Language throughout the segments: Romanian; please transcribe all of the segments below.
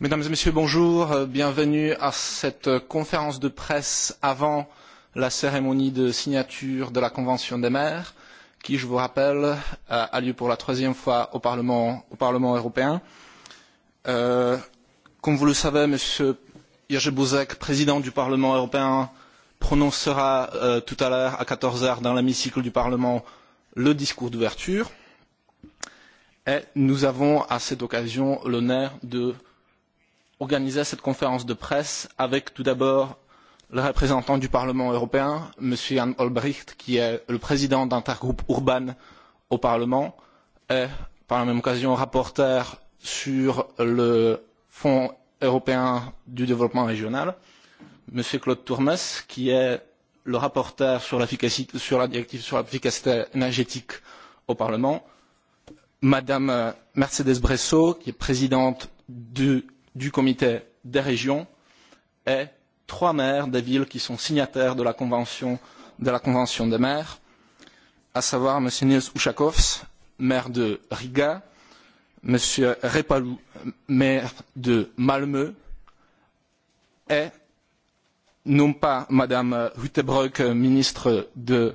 Mesdames et Messieurs, bonjour. Euh, bienvenue à cette euh, conférence de presse avant la cérémonie de signature de la Convention des maires, qui, je vous rappelle, euh, a lieu pour la troisième fois au Parlement, au Parlement européen. Euh, comme vous le savez, Monsieur Jerzy Buzek, président du Parlement européen, prononcera euh, tout à l'heure à 14 heures dans l'hémicycle du Parlement le discours d'ouverture. Et nous avons à cette occasion l'honneur de organisait cette conférence de presse avec tout d'abord le représentant du Parlement européen, M. Jan Olbricht, qui est le président d'Intergroupe Urban au Parlement, et par la même occasion rapporteur sur le Fonds européen du développement régional, M. Claude Turmes, qui est le rapporteur sur, sur la directive sur l'efficacité énergétique au Parlement, Madame Mercedes Bresso, qui est présidente du du comité des régions et trois maires des villes qui sont signataires de la convention, de la convention des maires, à savoir M. Nils Ushakovs, maire de Riga, M. Repalu, maire de Malmö, et non pas Mme Hüttebroeck, ministre de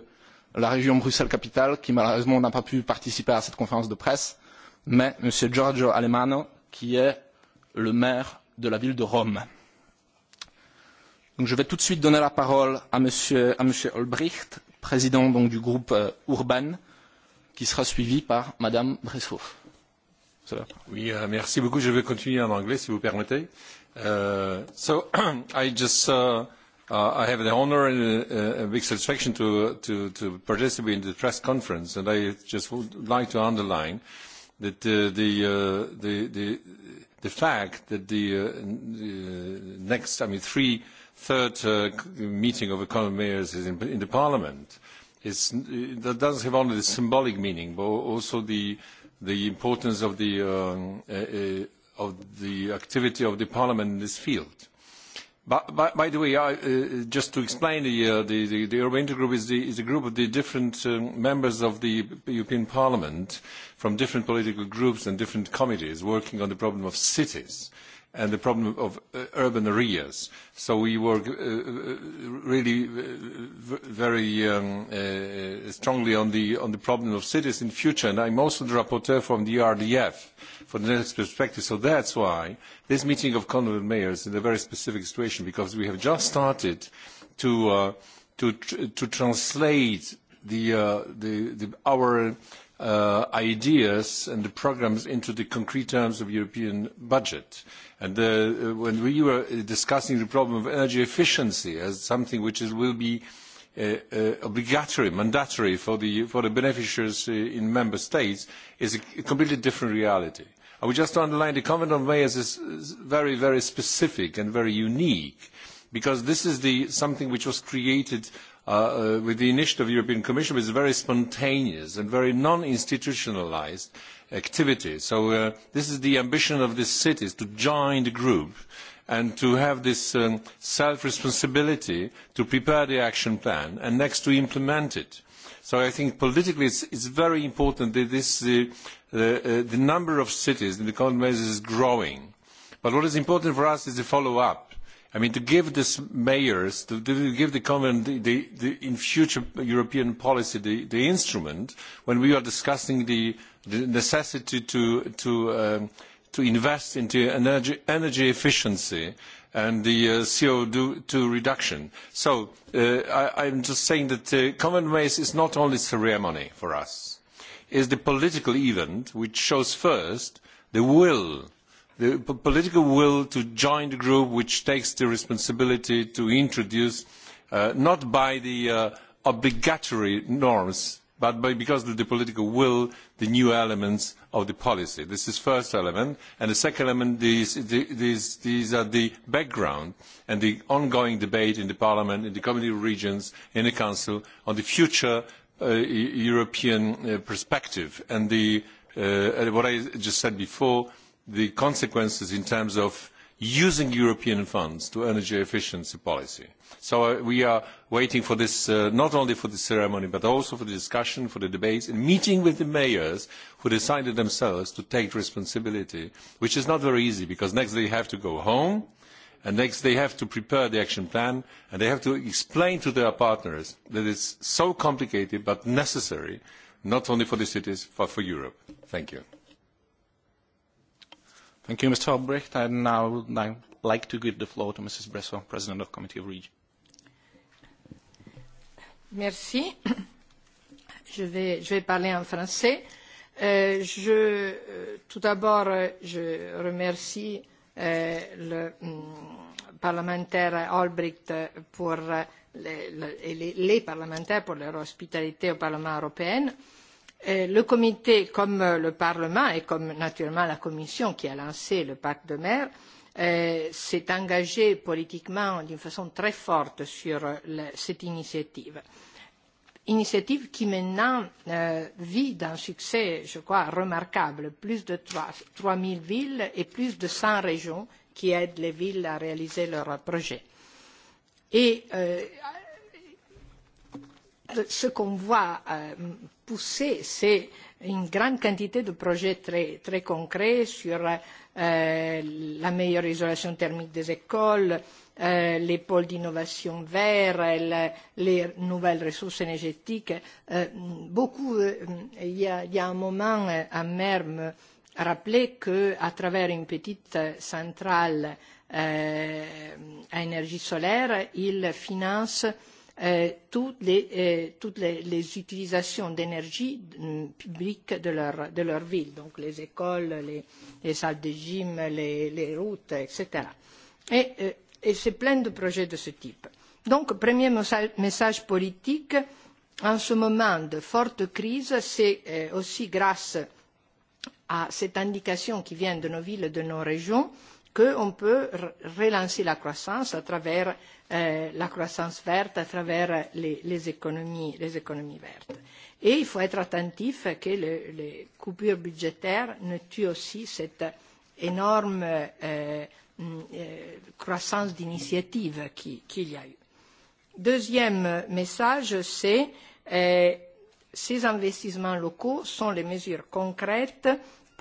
la région Bruxelles-Capitale, qui malheureusement n'a pas pu participer à cette conférence de presse, mais M. Giorgio Alemano, qui est le maire de la ville de Rome. Donc je vais tout de suite donner la parole à Monsieur, à monsieur Olbricht, président donc, du groupe euh, Urban, qui sera suivi par Madame Bressouf. Oui, uh, merci beaucoup. Je vais continuer en anglais, si vous permettez. Uh, so I just uh, uh, I have the honor and uh, a big satisfaction to, to, to participate in the press conference, and I just would like to underline that uh, the, uh, the, the the fact that the, uh, uh next, I mean, three-third uh, meeting of economic mayors is in, in the parliament, is, that does have only the symbolic meaning, but also the, the importance of the, um, uh, uh, of the activity of the parliament in this field By, the way, I, uh, just to explain, the, uh, Group Urban Intergroup is, a group of the different um, members of the European Parliament from different political groups and different committees working on the problem of cities and the problem of uh, urban areas. So we work uh, uh, really uh, very um, uh, strongly on the, on the problem of cities in future, and I'm also the rapporteur from the RDF for the next perspective. So that's why this meeting of Convent Mayors is in a very specific situation, because we have just started to, uh, to, tr to translate the, uh, the, the, our Uh, ideas and the programmes into the concrete terms of European budget. And uh, when we were discussing the problem of energy efficiency as something which will be uh, obligatory, mandatory for the, beneficiaries in member states, is a completely different reality. I would just underline the comment on mayors is very, very specific and very unique because this is something which was created Uh, uh, with the initiative of the European Commission, which is very spontaneous and very non-institutionalized activity. So uh, this is the ambition of the cities, to join the group and to have this um, self-responsibility to prepare the action plan and next to implement it. So I think politically it's, it's very important that this, uh, the, uh, uh, the number of cities in the common measures is growing. But what is important for us is the follow-up I mean, to give these mayors, to, to give the common, the, the, the, in future European policy, the, the instrument when we are discussing the, the necessity to, to, um, to invest into energy, energy efficiency and the uh, CO2 reduction. So uh, I, I'm just saying that uh, common ways is not only ceremony for us. It's the political event which shows first the will the political will to join the group which takes the responsibility to introduce, uh, not by the uh, obligatory norms, but by, because of the political will, the new elements of the policy. This is the first element. And the second element, these, these, these are the background and the ongoing debate in the Parliament, in the Committee of Regions, in the Council, on the future uh, European uh, perspective. And the, uh, what I just said before, the consequences in terms of using European funds to energy efficiency policy. So uh, we are waiting for this, uh, not only for the ceremony, but also for the discussion, for the debates, and meeting with the mayors who decided themselves to take responsibility, which is not very easy, because next they have to go home, and next they have to prepare the action plan, and they have to explain to their partners that it's so complicated but necessary, not only for the cities, but for Europe. Thank you. Thank you, Mr. Albrecht. I now I'd like to give the floor to Mrs. Bresso, President of Committee of Regions. Merci. Je vais, je vais parler en français. Euh, je, euh, tout d'abord, je remercie euh, le mm, parlementaire Albrecht pour euh, les, parlementaires pour leur hospitalité au Parlement européen. Euh, le comité comme euh, le parlement et comme naturellement la commission qui a lancé le pacte de mer euh, s'est engagé politiquement d'une façon très forte sur cette initiative initiative qui maintenant euh, vit d'un succès, je crois, remarquable. Plus de trois zéro villes et plus de cent régions qui aident les villes à réaliser leurs projets. Et ce qu'on voit poussé, c'est une grande quantité de projets très, très concrets sur euh, la meilleure isolation thermique des écoles, euh, les pôles d'innovation verts, euh, la, les nouvelles ressources énergétiques. Euh, beaucoup, euh, il y, a, y a un moment, euh, Amer me rappelait qu'à travers une petite centrale euh, à énergie solaire, il finance euh, Euh, toutes, les, euh, toutes les, les utilisations d'énergie mm, publique de leur, de leur ville, donc les écoles, les, les salles de gym, les, les routes, etc. Et, euh, et c'est plein de projets de ce type. Donc, premier message politique, en ce moment de forte crise, c'est euh, aussi grâce à cette indication qui vient de nos villes, et de nos régions, euh, qu'on peut relancer la croissance à travers euh, la croissance verte, à travers les, les, économies, les économies vertes. Et il faut être attentif que le, les coupures budgétaires ne tuent aussi cette énorme euh, mm, euh, croissance d'initiative qu'il qui y a eu. Deuxième message, c'est euh, ces investissements locaux sont les mesures concrètes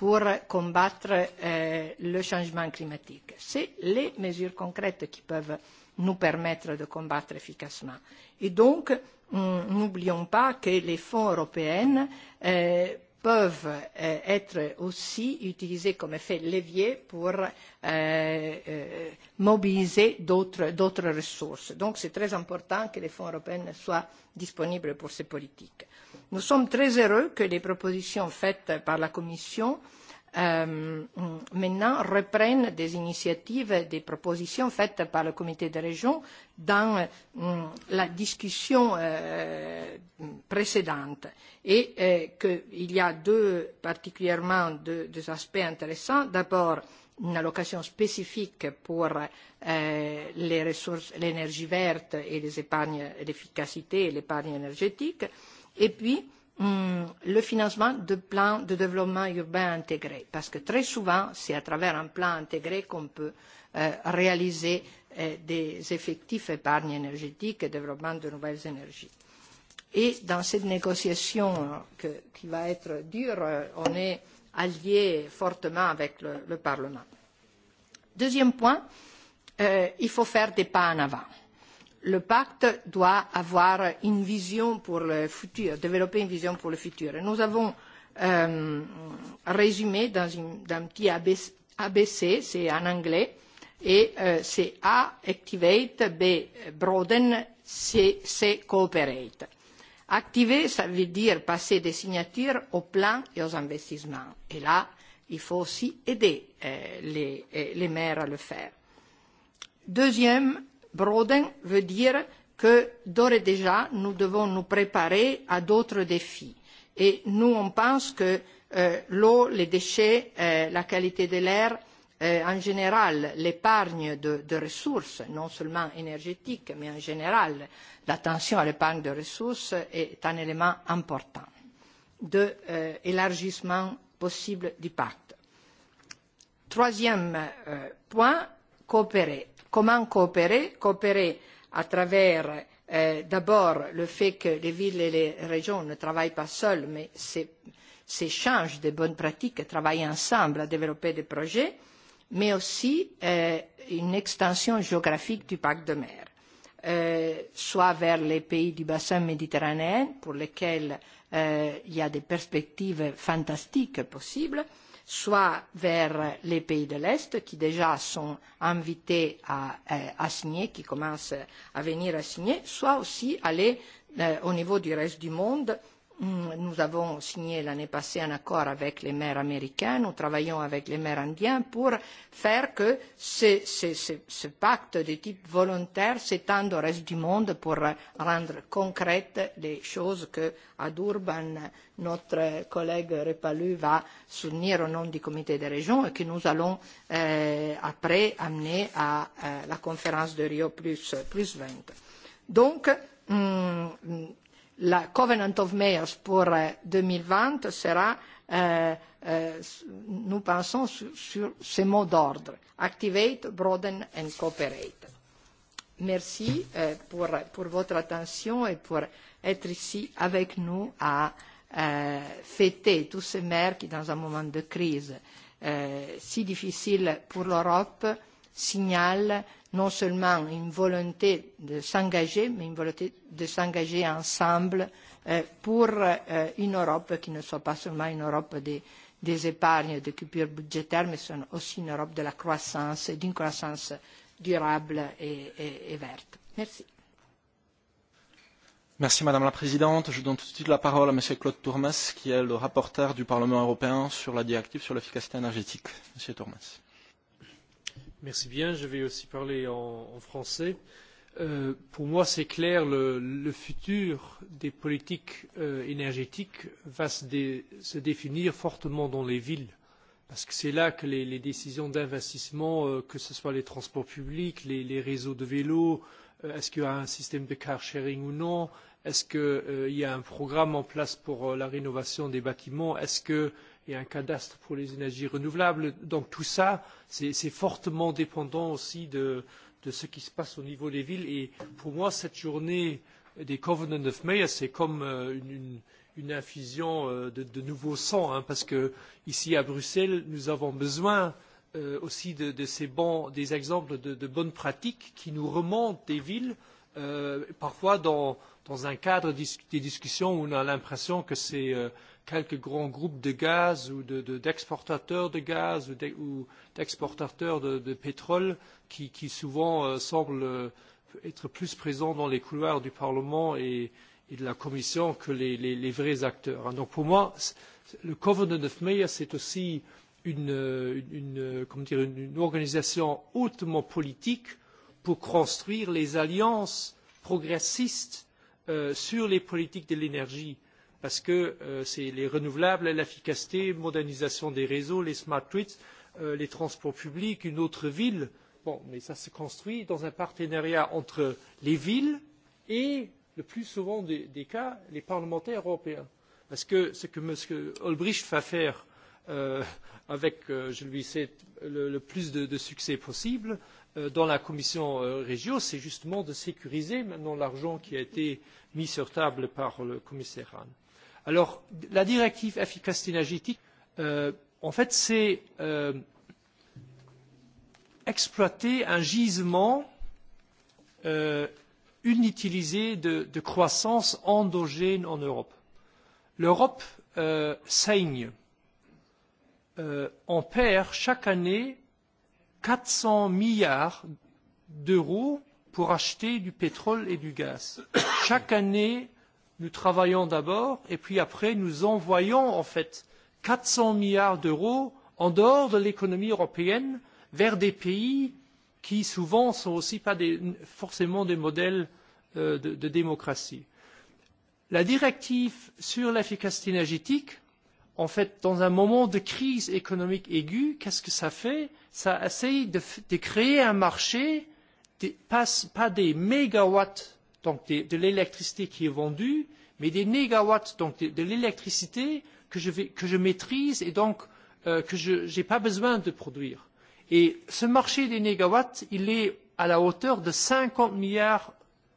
pour combattre euh, le changement climatique. C'est les mesures concrètes qui peuvent nous permettre de combattre efficacement. Et donc, mm, n'oublions pas que les fonds européens euh, peuvent euh, être aussi utilisés comme effet levier pour euh, euh, mobiliser d'autres ressources. Donc c'est très important que les fonds européens soient disponibles pour ces politiques. Nous sommes très heureux que les propositions faites par la Commission euh, maintenant reprennent des initiatives, des propositions faites par le comité des régions dans euh, la discussion euh, précédente et euh, qu'il y a deux, particulièrement deux, deux aspects intéressants. D'abord, euh, une allocation spécifique pour euh, les ressources, l'énergie verte et les épargnes, d'efficacité et l'épargne énergétique, et puis hum, le financement de plans de développement urbain intégré, parce que très souvent, c'est à travers un plan intégré qu'on peut euh, réaliser euh, des effectifs épargne énergétique et développement de nouvelles énergies. Et dans cette négociation euh, que, qui va être dure, euh, on est allié fortement avec le, le Parlement. Deuxième point, euh, il faut faire des pas en avant. Le pacte doit avoir une vision pour le futur, développer une vision pour le futur. Et nous avons euh, résumé dans, une, dans un petit ABC, c'est en anglais, et euh, c'est A, activate, B, broaden, C, C, cooperate Activer, ça veut dire passer des signatures aux plans et aux investissements. Et là, il faut aussi aider euh, les, euh, les maires à le faire. Deuxième, broaden veut dire que d'ores et déjà, nous devons nous préparer à d'autres défis. Et nous, on pense que euh, l'eau, les déchets, euh, la qualité de l'air, euh, euh, en général l'épargne de, de ressources, non seulement énergétiques, mais en général l'attention à l'épargne de ressources est un élément important de euh, élargissement possible du pacte. Troisième euh, point, coopérer. Comment coopérer Coopérer à travers euh, d'abord le fait que les villes et les régions ne travaillent pas seules, mais s'échangent des bonnes pratiques, travaillent ensemble à développer des projets mais aussi euh, une extension géographique du parc de mer, euh, soit vers les pays du bassin méditerranéen, pour lesquels euh, il y a des perspectives fantastiques possibles, soit vers les pays de l'Est qui déjà sont invités à, euh, à signer, qui commencent à venir à signer, soit aussi aller euh, au niveau du reste du monde euh, Mm, nous avons signé l'année passée un accord avec les maires américains. Nous travaillons avec les maires indiens pour faire que ce, ce, ce, ce pacte de type volontaire s'étende au reste du monde pour rendre concrètes les choses que, à Durban, notre collègue Repalu va soutenir au nom du comité des régions et que nous allons euh, après amener à euh, la conférence de Rio plus, plus 20. Donc, hum, mm, la covenant of mayors pour euh, deux mille vingt sera euh, euh, nous pensons sur, sur ces mots d'ordre activate broaden and cooperate. merci euh, pour, pour votre attention et pour être ici avec nous à euh, fêter tous ces maires qui dans un moment de crise euh, si difficile pour l'europe signalent non seulement une volonté de s'engager, mais une volonté de s'engager ensemble euh, pour euh, une Europe qui ne soit pas seulement une Europe des, des épargnes et des coupures budgétaires, mais soit aussi une Europe de la croissance et d'une croissance durable et, et, et verte. Merci. Merci Madame la Présidente. Je donne tout de suite la parole à Monsieur Claude Tourmes, qui est le rapporteur du Parlement européen sur la directive sur l'efficacité énergétique. Monsieur Tourmes. Merci bien. Je vais aussi parler en, en français. Euh, pour moi, c'est clair, le, le futur des politiques euh, énergétiques va se, dé, se définir fortement dans les villes, parce que c'est là que les, les décisions d'investissement, euh, que ce soit les transports publics, les, les réseaux de vélos, Euh, est-ce qu'il y a un système de car sharing ou non Est-ce qu'il euh, y a un programme en place pour euh, la rénovation des bâtiments Est-ce qu'il y a un cadastre pour les énergies renouvelables Donc tout ça, c'est fortement dépendant aussi de, de ce qui se passe au niveau des villes. Et pour moi, cette journée des Covenant of Mayors, c'est comme euh, une, une, une infusion euh, de, de nouveau sang, hein, parce que ici à Bruxelles, nous avons besoin euh, euh, aussi de, de ces bons, des exemples de, de bonnes pratiques qui nous remontent des villes, euh, parfois dans, dans un cadre dis des discussions où on a l'impression que c'est euh, quelques grands groupes de gaz ou d'exportateurs de, de, de gaz ou d'exportateurs de, de, de pétrole qui, qui souvent euh, semblent euh, être plus présents dans les couloirs du Parlement et, et de la Commission que les, les, les vrais acteurs. Donc pour moi, le Covenant of Mayors, c'est aussi euh, une, une, comment dire, une, une organisation hautement politique pour construire les alliances progressistes euh, sur les politiques de l'énergie parce que euh, c'est les renouvelables, l'efficacité, modernisation des réseaux, les smart grids, euh, les transports publics, une autre ville. Bon, mais ça se construit dans un partenariat entre les villes et, le plus souvent des, des cas, les parlementaires européens. Parce que ce que M. Olbricht va faire euh, avec, euh, je lui sais, le, le plus de, de succès possible euh, dans la commission euh, Régio, c'est justement de sécuriser maintenant l'argent qui a été mis sur table par le commissaire Hahn. Alors, la directive efficacité énergétique, euh, en fait, c'est euh, exploiter un gisement euh, inutilisé de, de croissance endogène en Europe. L'Europe euh, saigne euh, euh, on perd chaque année 400 milliards d'euros pour acheter du pétrole et du gaz. Chaque année, nous travaillons d'abord et puis après, nous envoyons en fait 400 milliards d'euros en dehors de l'économie européenne vers des pays qui souvent ne sont aussi pas des, forcément des modèles euh, de, de démocratie. La directive sur l'efficacité énergétique en fait, dans un moment de crise économique aiguë, qu'est-ce que ça fait Ça essaye de, de créer un marché, de, pas, pas des mégawatts donc de, de l'électricité qui est vendue, mais des mégawatts donc de, de l'électricité que je, vais, que je maîtrise et donc euh, que je n'ai pas besoin de produire. Et ce marché des mégawatts, il est à la hauteur de 50 milliards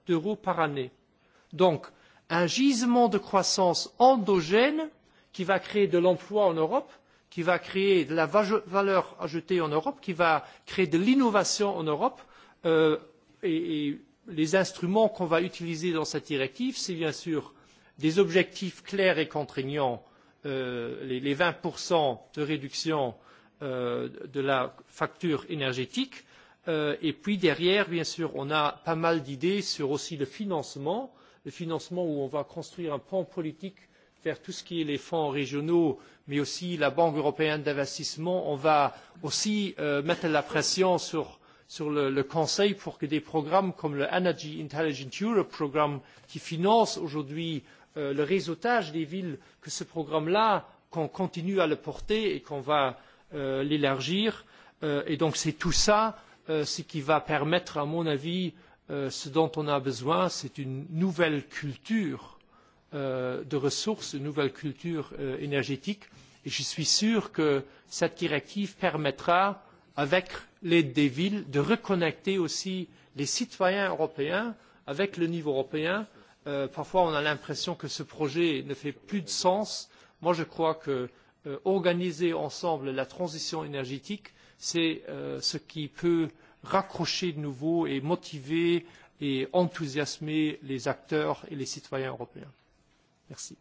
d'euros par année. Donc, un gisement de croissance endogène qui va créer de l'emploi en Europe, qui va créer de la valeur ajoutée en Europe, qui va créer de l'innovation en Europe. Euh, et, et les instruments qu'on va utiliser dans cette directive, c'est bien sûr des objectifs clairs et contraignants, euh, les, les 20% de réduction euh, de la facture énergétique. Euh, et puis derrière, bien sûr, on a pas mal d'idées sur aussi le financement, le financement où on va construire un plan politique vers tout ce qui est les fonds régionaux, mais aussi la Banque européenne d'investissement, on va aussi euh, mettre la pression sur, sur le, le Conseil pour que des programmes comme le Energy Intelligent Europe, programme qui finance aujourd'hui euh, le réseautage des villes, que ce programme-là, qu'on continue à le porter et qu'on va euh, l'élargir. Euh, et donc c'est tout ça euh, ce qui va permettre, à mon avis, euh, ce dont on a besoin, c'est une nouvelle culture Euh, de ressources, une nouvelle culture euh, énergétiques. Et je suis sûr que cette directive permettra, avec l'aide des villes, de reconnecter aussi les citoyens européens avec le niveau européen. Euh, parfois, on a l'impression que ce projet ne fait plus de sens. Moi, je crois que euh, organiser ensemble la transition énergétique, c'est euh, ce qui peut raccrocher de nouveau et motiver et enthousiasmer les acteurs et les citoyens européens. Merci.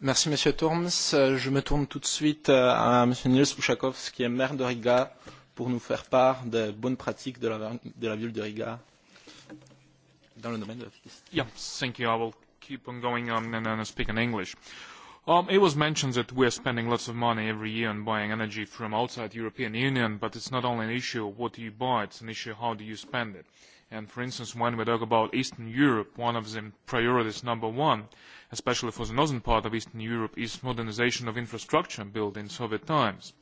Merci Monsieur Torms. Je me tourne tout de suite euh, à Monsieur Niels Pouchakov, qui est maire de Riga, pour nous faire part des bonnes pratiques de la, de la ville de Riga dans le domaine de la fiscalité. Yeah, thank you. I will keep on going on and, and speak in English. Uh, Um, it was mentioned that we are spending lots of money every year on buying energy from outside the European Union, but it's not only an issue of what you buy, it's an issue of how do you spend it. And for instance, when we talk about Eastern Europe, one of the priorities number one, especially for the northern part of Eastern Europe, is modernization of infrastructure built in Soviet times.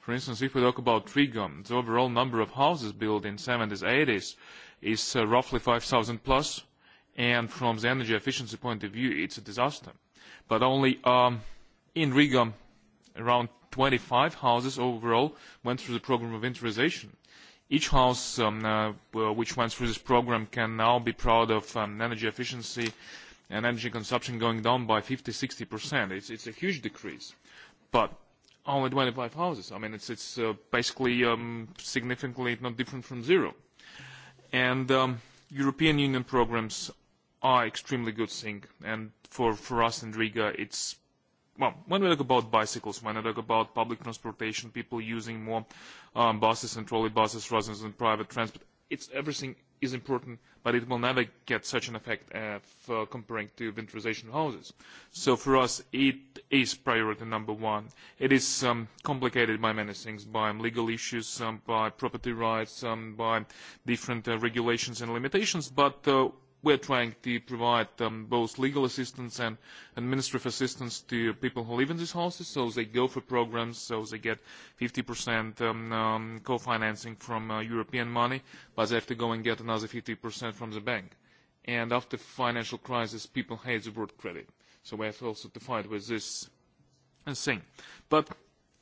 For instance, if we talk about Riga, the overall number of houses built in 70s, 80s is uh, roughly 5,000 plus, and from the energy efficiency point of view, it's a disaster but only um, in Riga around 25 houses overall went through the program of winterization. Each house um, uh, which went through this program can now be proud of um, energy efficiency and energy consumption going down by 50-60%. It's, it's a huge decrease, but only 25 houses. I mean, it's, it's uh, basically um, significantly not different from zero. And um, European Union programs are extremely good thing, and for, for us in Riga, it's well, when we talk about bicycles, when we talk about public transportation, people using more um, buses and trolley buses rather than private transport, it's everything is important, but it will never get such an effect uh, for comparing to winterization houses. So for us, it is priority number one. It is um, complicated by many things, by um, legal issues, um, by property rights, um, by different uh, regulations and limitations, but uh, we are trying to provide um, both legal assistance and administrative assistance to people who live in these houses. So they go for programs, so they get 50% um, um, co-financing from uh, European money, but they have to go and get another 50% from the bank. And after financial crisis, people hate the word credit. So we have also to fight with this uh, thing. But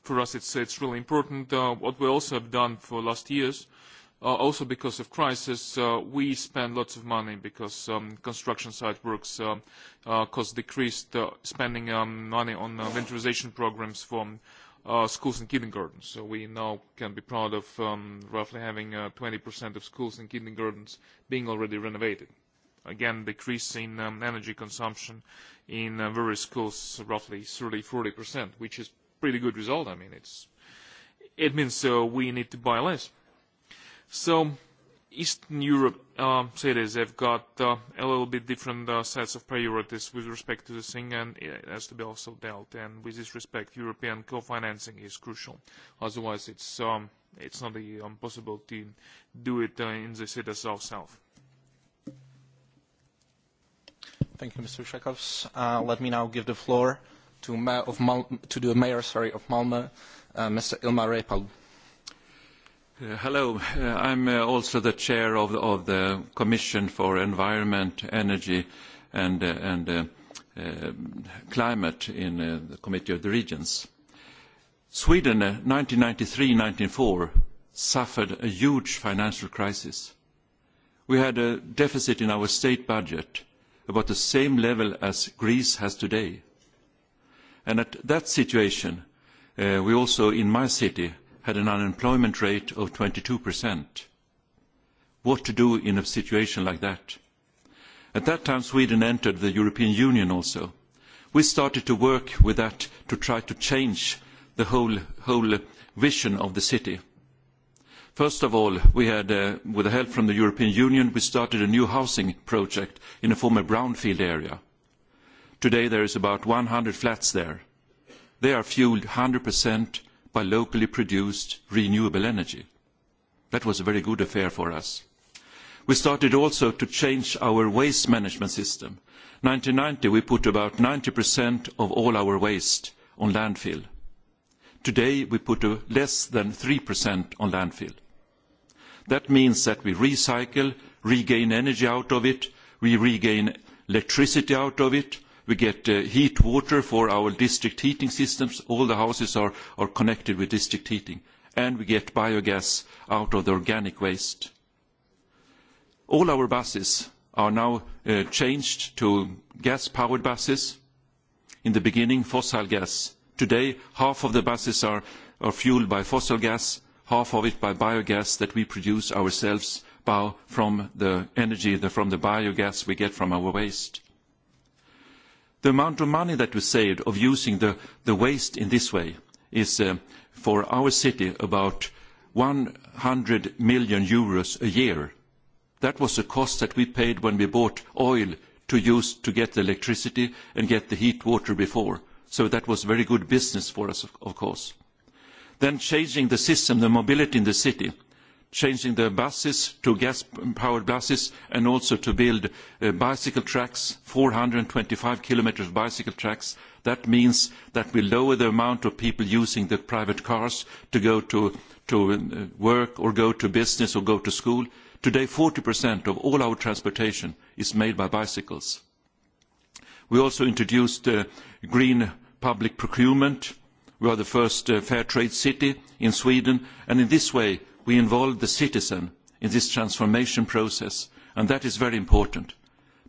for us, it's, it's really important. Uh, what we also have done for last years Uh, also because of crisis, uh, we spend lots of money because um, construction site works uh, uh decreased, uh, spending um, money on winterization programs for schools and kindergartens. So we now can be proud of um, roughly having 20% of schools and kindergartens being already renovated. Again, decrease in um, energy consumption in various schools, roughly 30%-40%, which is pretty good result. I mean, it means we need to buy less So Eastern Europe uh, cities have got uh, a little bit different uh, sets of priorities with respect to this thing, and it has to be also dealt. And with this respect, European co-financing is crucial. Otherwise, it's um, it's not um, possible to do it in the cities ourselves. Thank you, Mr. Shekovs. Uh, let me now give the floor to, ma of Mal to the mayor sorry, of Malmö, uh, Mr. Ilmar Reipalu. Uh, hello, uh, I'm uh, also the chair of the, of the Commission for Environment, Energy and, uh, and uh, uh, Climate in uh, the Committee of the Regions. Sweden, 1993-1994, uh, suffered a huge financial crisis. We had a deficit in our state budget about the same level as Greece has today. And at that situation, uh, we also, in my city, had an unemployment rate of 22%. What to do in a situation like that? At that time, Sweden entered the European Union also. We started to work with that to try to change the whole, whole vision of the city. First of all, we had, uh, with the help from the European Union, we started a new housing project in a former brownfield area. Today there is about 100 flats there. They are fueled 100% by locally produced renewable energy. That was a very good affair for us. We started also to change our waste management system. 1990 we put about 90% of all our waste on landfill. Today we put less than 3% on landfill. That means that we recycle, regain energy out of it, we regain electricity out of it, We get uh, heat water for our district heating systems. All the houses are, are connected with district heating. And we get biogas out of the organic waste. All our buses are now uh, changed to gas-powered buses. In the beginning, fossil gas. Today, half of the buses are, are fueled by fossil gas, half of it by biogas that we produce ourselves from the energy, from the biogas we get from our waste the amount of money that we saved of using the, the waste in this way is uh, for our city about 100 million euros a year. That was the cost that we paid when we bought oil to use to get the electricity and get the heat water before. So that was very good business for us, of, of course. Then changing the system, the mobility in the city changing their buses to gas-powered buses and also to build uh, bicycle tracks, 425 kilometers of bicycle tracks. That means that we lower the amount of people using the private cars to go to, to uh, work or go to business or go to school. Today, 40% of all our transportation is made by bicycles. We also introduced uh, green public procurement. We are the first uh, fair trade city in Sweden, and in this way, we involve the citizen in this transformation process, and that is very important,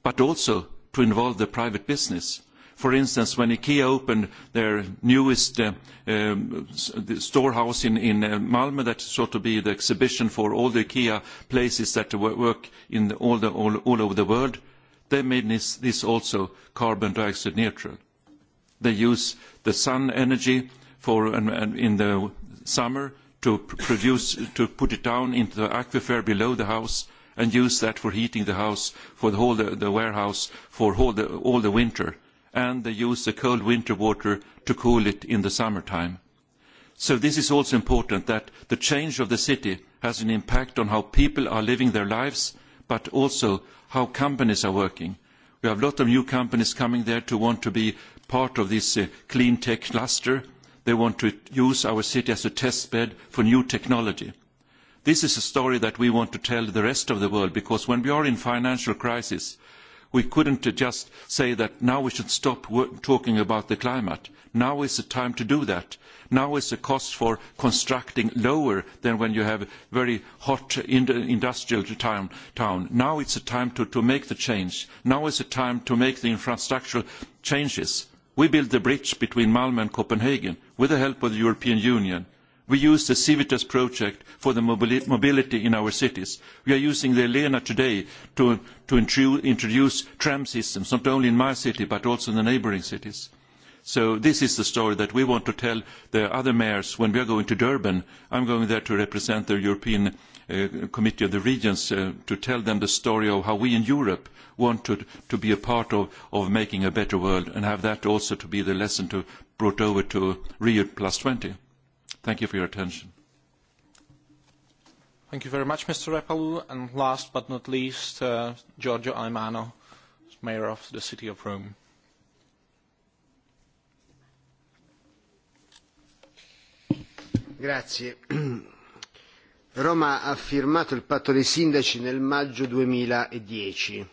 but also to involve the private business. For instance, when IKEA opened their newest uh, um, storehouse in, in uh, Malmö, that sort of be the exhibition for all the IKEA places that work in the, all, the, all, all over the world, they made this, this also carbon dioxide neutral. They use the sun energy for, and, and in the summer to produce to put it down into the aquifer below the house and use that for heating the house for the whole the, the warehouse for all the, all the winter and they use the cold winter water to cool it in the summertime. So this is also important that the change of the city has an impact on how people are living their lives but also how companies are working. We have a lot of new companies coming there to want to be part of this uh, clean tech cluster They want to use our city as a test bed for new technology. This is a story that we want to tell the rest of the world because when we are in financial crisis, we couldn't just say that now we should stop talking about the climate. Now is the time to do that. Now is the cost for constructing lower than when you have very hot industrial town. Now it's the time to, to make the change. Now is the time to make the infrastructural changes we built the bridge between malm and copenhagen with the help of the european union. we use the civitas project for the mobility in our cities. we are using the elena today to, to introduce tram systems not only in my city but also in the neighbouring cities. so this is the story that we want to tell the other mayors when we are going to durban. i am going there to represent the european Uh, committee of the Regions uh, to tell them the story of how we in Europe want to, to be a part of, of making a better world and have that also to be the lesson to, brought over to Rio plus 20. Thank you for your attention. Thank you very much, Mr. Repalu. And last but not least, uh, Giorgio Aimano, Mayor of the City of Rome. Grazie. Roma ha firmato il patto dei sindaci nel maggio 2010.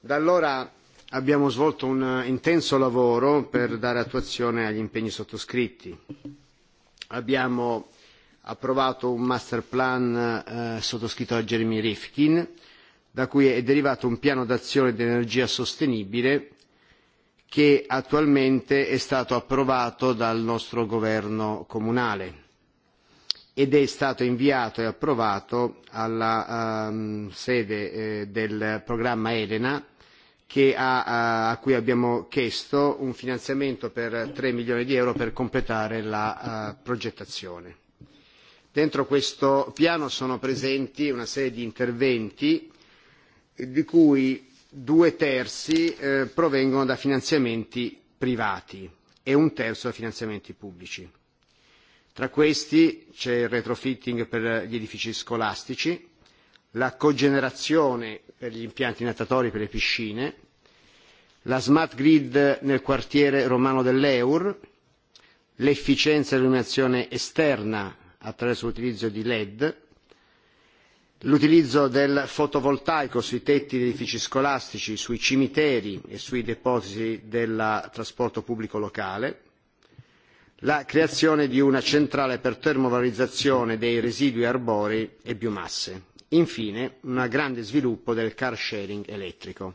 Da allora abbiamo svolto un intenso lavoro per dare attuazione agli impegni sottoscritti. Abbiamo approvato un master plan eh, sottoscritto da Jeremy Rifkin, da cui è derivato un piano d'azione di energia sostenibile che attualmente è stato approvato dal nostro governo comunale ed è stato inviato e approvato alla um, sede eh, del programma Elena che ha, eh, a, cui abbiamo chiesto un finanziamento per 3 milioni di euro per completare la uh, progettazione. Dentro questo piano sono presenti una serie di interventi eh, di cui due terzi eh, provengono da finanziamenti privati e un terzo da finanziamenti pubblici Tra questi c'è il retrofitting per gli edifici scolastici, la cogenerazione per gli impianti natatori per le piscine, la smart grid nel quartiere romano dell'Eur, l'efficienza dell'illuminazione esterna attraverso l'utilizzo di LED, l'utilizzo del fotovoltaico sui tetti degli edifici scolastici, sui cimiteri e sui depositi del trasporto pubblico locale, la creazione di una centrale per termovalorizzazione dei residui arborei e biomasse. Infine, un grande sviluppo del car sharing elettrico.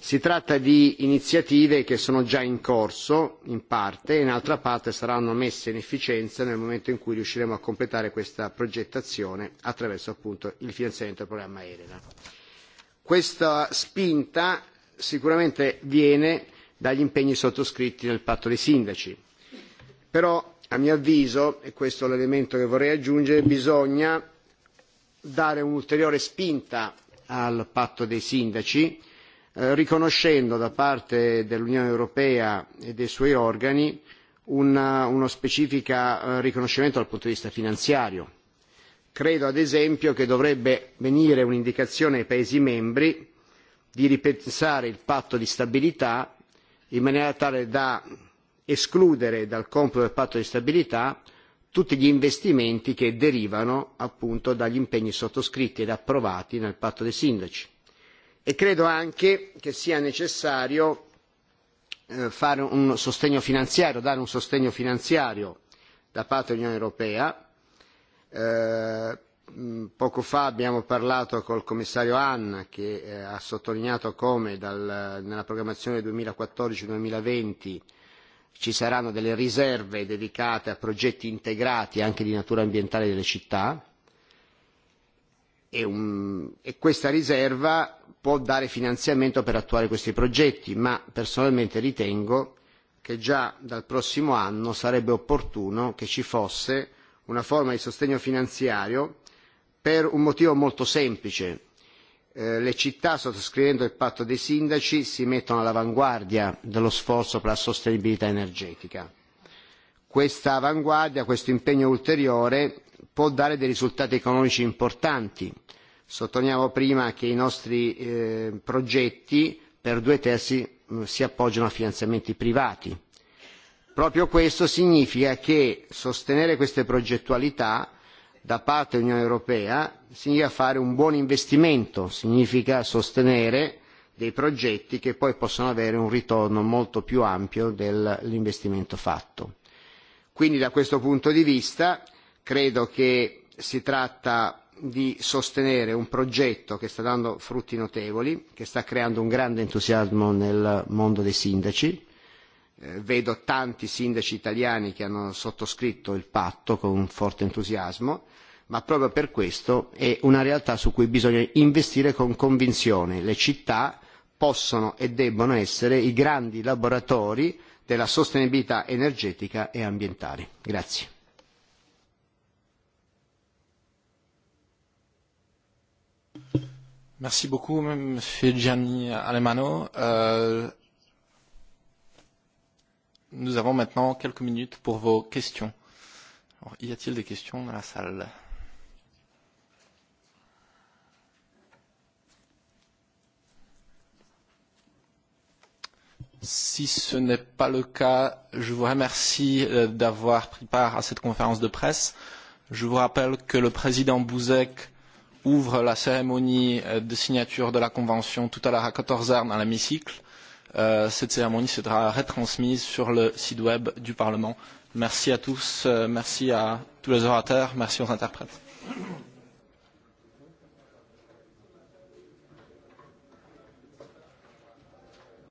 Si tratta di iniziative che sono già in corso in parte e in altra parte saranno messe in efficienza nel momento in cui riusciremo a completare questa progettazione attraverso appunto il finanziamento del programma ERENA. Questa spinta sicuramente viene dagli impegni sottoscritti nel patto dei sindaci però a mio avviso e questo è l'elemento che vorrei aggiungere bisogna dare un'ulteriore spinta al patto dei sindaci eh, riconoscendo da parte dell'Unione Europea e dei suoi organi una, uno specifico eh, riconoscimento dal punto di vista finanziario. Credo ad esempio che dovrebbe venire un'indicazione ai Paesi membri di ripensare il patto di stabilità in maniera tale da escludere dal computo del patto di stabilità tutti gli investimenti che derivano appunto dagli impegni sottoscritti ed approvati nel patto dei sindaci e credo anche che sia necessario eh, fare un sostegno finanziario dare un sostegno finanziario da parte dell'Unione Europea eh, poco fa abbiamo parlato col commissario Hahn che eh, ha sottolineato come dal, nella programmazione 2014-2020 ci saranno delle riserve dedicate a progetti integrati anche di natura ambientale delle città e, un, e questa riserva può dare finanziamento per attuare questi progetti, ma personalmente ritengo che già dal prossimo anno sarebbe opportuno che ci fosse una forma di sostegno finanziario per un motivo molto semplice Eh, le città, sottoscrivendo il patto dei sindaci, si mettono all'avanguardia dello sforzo per la sostenibilità energetica. Questa avanguardia, questo impegno ulteriore può dare dei risultati economici importanti. Sottolineavo prima che i nostri eh, progetti per due terzi mm, si appoggiano a finanziamenti privati. Proprio questo significa che sostenere queste progettualità da parte dell'Unione Europea significa fare un buon investimento, significa sostenere dei progetti che poi possono avere un ritorno molto più ampio dell'investimento fatto. Quindi da questo punto di vista credo che si tratta di sostenere un progetto che sta dando frutti notevoli, che sta creando un grande entusiasmo nel mondo dei sindaci, Eh, vedo tanti sindaci italiani che hanno sottoscritto il patto con forte entusiasmo, ma proprio per questo è una realtà su cui bisogna investire con convinzione. Le città possono e debbono essere i grandi laboratori della sostenibilità energetica e ambientale. Grazie. Merci beaucoup, Monsieur Gianni Alemano. Euh, Nous avons maintenant quelques minutes pour vos questions. Alors, y a-t-il des questions dans la salle Si ce n'est pas le cas, je vous remercie euh, d'avoir pris part à cette conférence de presse. Je vous rappelle que le président Bouzek ouvre la cérémonie euh, de signature de la Convention tout à l'heure à 14h dans l'hémicycle Euh, cette cérémonie sera retransmise sur le site web du Parlement. Merci à tous, euh, merci à tous les orateurs, merci aux interprètes.